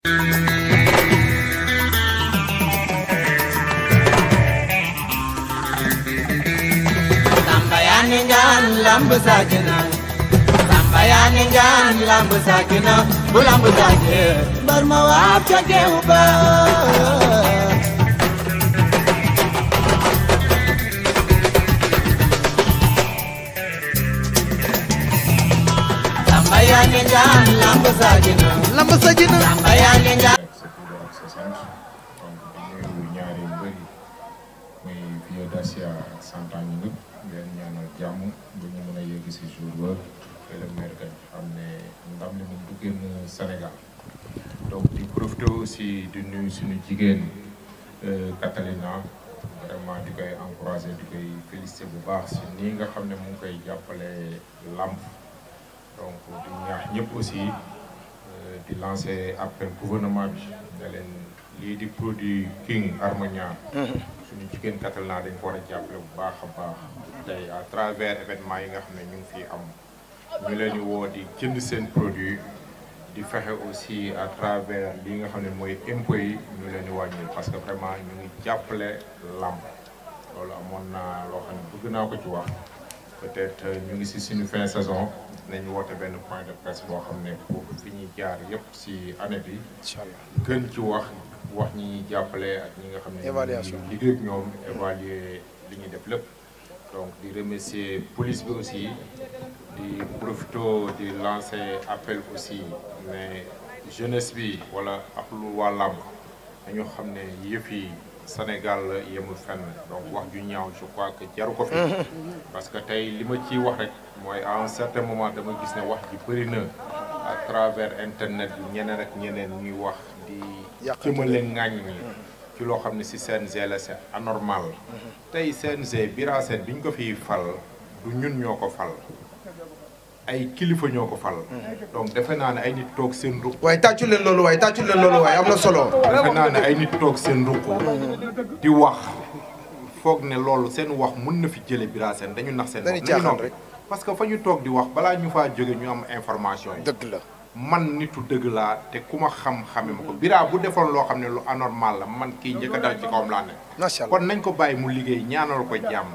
Sambayani ngan lambu sakina Sambayani ngan lambu bulan Bulambu sakina Bermawab ubah njaan lamb sajina lamb sajina lamba yaa ngi njaan Dacia ak santan yi ñëpp ngeen ñaanal jàmm ba ñu mën a yegg si jour ba te le maire gañ xam ne ndam li moom du génn Sénégal donc di profité aussi di nuyu suñu jigéen Catalina vraiment di koy encouragé di koy félicité bu baax si nii nga xam ne mu ngi koy jàppale làmb donc di ñaax ñëpp aussi euh, di lancer appel gouvernement bi lii di produit King Harmonia mhm. suñu jigéen Catalan dañ ko war a jàppale bu baax a baax tey à travers événement yi nga xam ne ñu ngi fii am ñu leen woo di jënd seen produit di fexe aussi à travers li nga xam ne mooy impôts yi ñu leen di wàññil parce que vraiment ñu jàppale làmb loolu amoon naa loo xam ne naa ko ci wax peut-être euh, ñu ngi si suñu fin saison nañu woote benn point de presse boo xam ne pour fi ñuy jaar yëpp si année bi. incha gën ci wax wax ñi jappalé ak ñi nga xamné évaluation liggéey ak ñom évaluer li ñi def lépp. donc di remercier police bi aussi di profito di lancer appel aussi mais jeunesse bi voilà ak lu waa làmb dañu xam ne yëf yi. Sénégal yemul fenn donc wax ju ñaaw je crois que jaru ko fi. Mm-hmm. parce que tey li ma ciy wax rek mooy à un moment dama gis ne wax ji bëri na travers internet bi ñeneen ak ñeneen ñuy wax di. jëmale ŋàññ ñi ci loo xam ne si CNG la c'est anormal. Mm-hmm. tey CNG Bira Sène bi ñu ko fi fal du ñun ñoo ko fal. ay kilifa ñoo ko fal. donc defe naa ne ay nit toog seen ruq. waaye tàccu leen loolu waaye tàccu leen loolu waaye am na solo. defe naa ne ay nit toog seen ruq. di wax foog ne loolu seen wax mun na fi jële Bira Sène dañu nax seen. dañu caaxaan rek parce que fa ñu toog di wax balaa ñu faa jóge ñu am information yi. dëgg la man nitu dëgg laa te ku ma xam xame ma ko Bira bu defoon loo xam ne lu anormal la man kii njëkk a dal ci kawam laa nekk. kon nañ ko bàyyi mu liggéey ñaanal ko jàmm.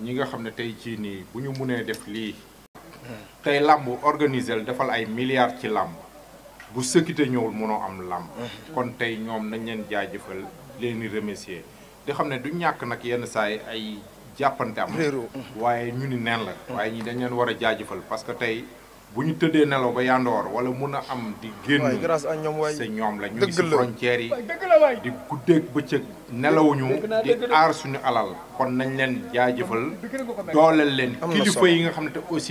ñi nga xam ne tey ci nii bu ñu mënee def lii. Hmm. tey làmb organiser defal ay milliards ci làmb bu sécurité ñëwul mënoo am làmb. Hmm. kon tey ñoom nañ leen jaajëfal leen di di xam ne du ñàkk nag yenn saay ay jàppante am. waaye ñu ni neen la. waaye ñi dañ leen war a jaajëfal parce que tey. bu ñu tëddee nelaw ba yandoor wala mun a am di génn sa ñoom la ñu ngi si frontières yi di guddeeg bëccëg nelawuñu di aar suñu alal kon nañ leen jaajëfal dooleel leen kilifa yi nga xam ne te aussi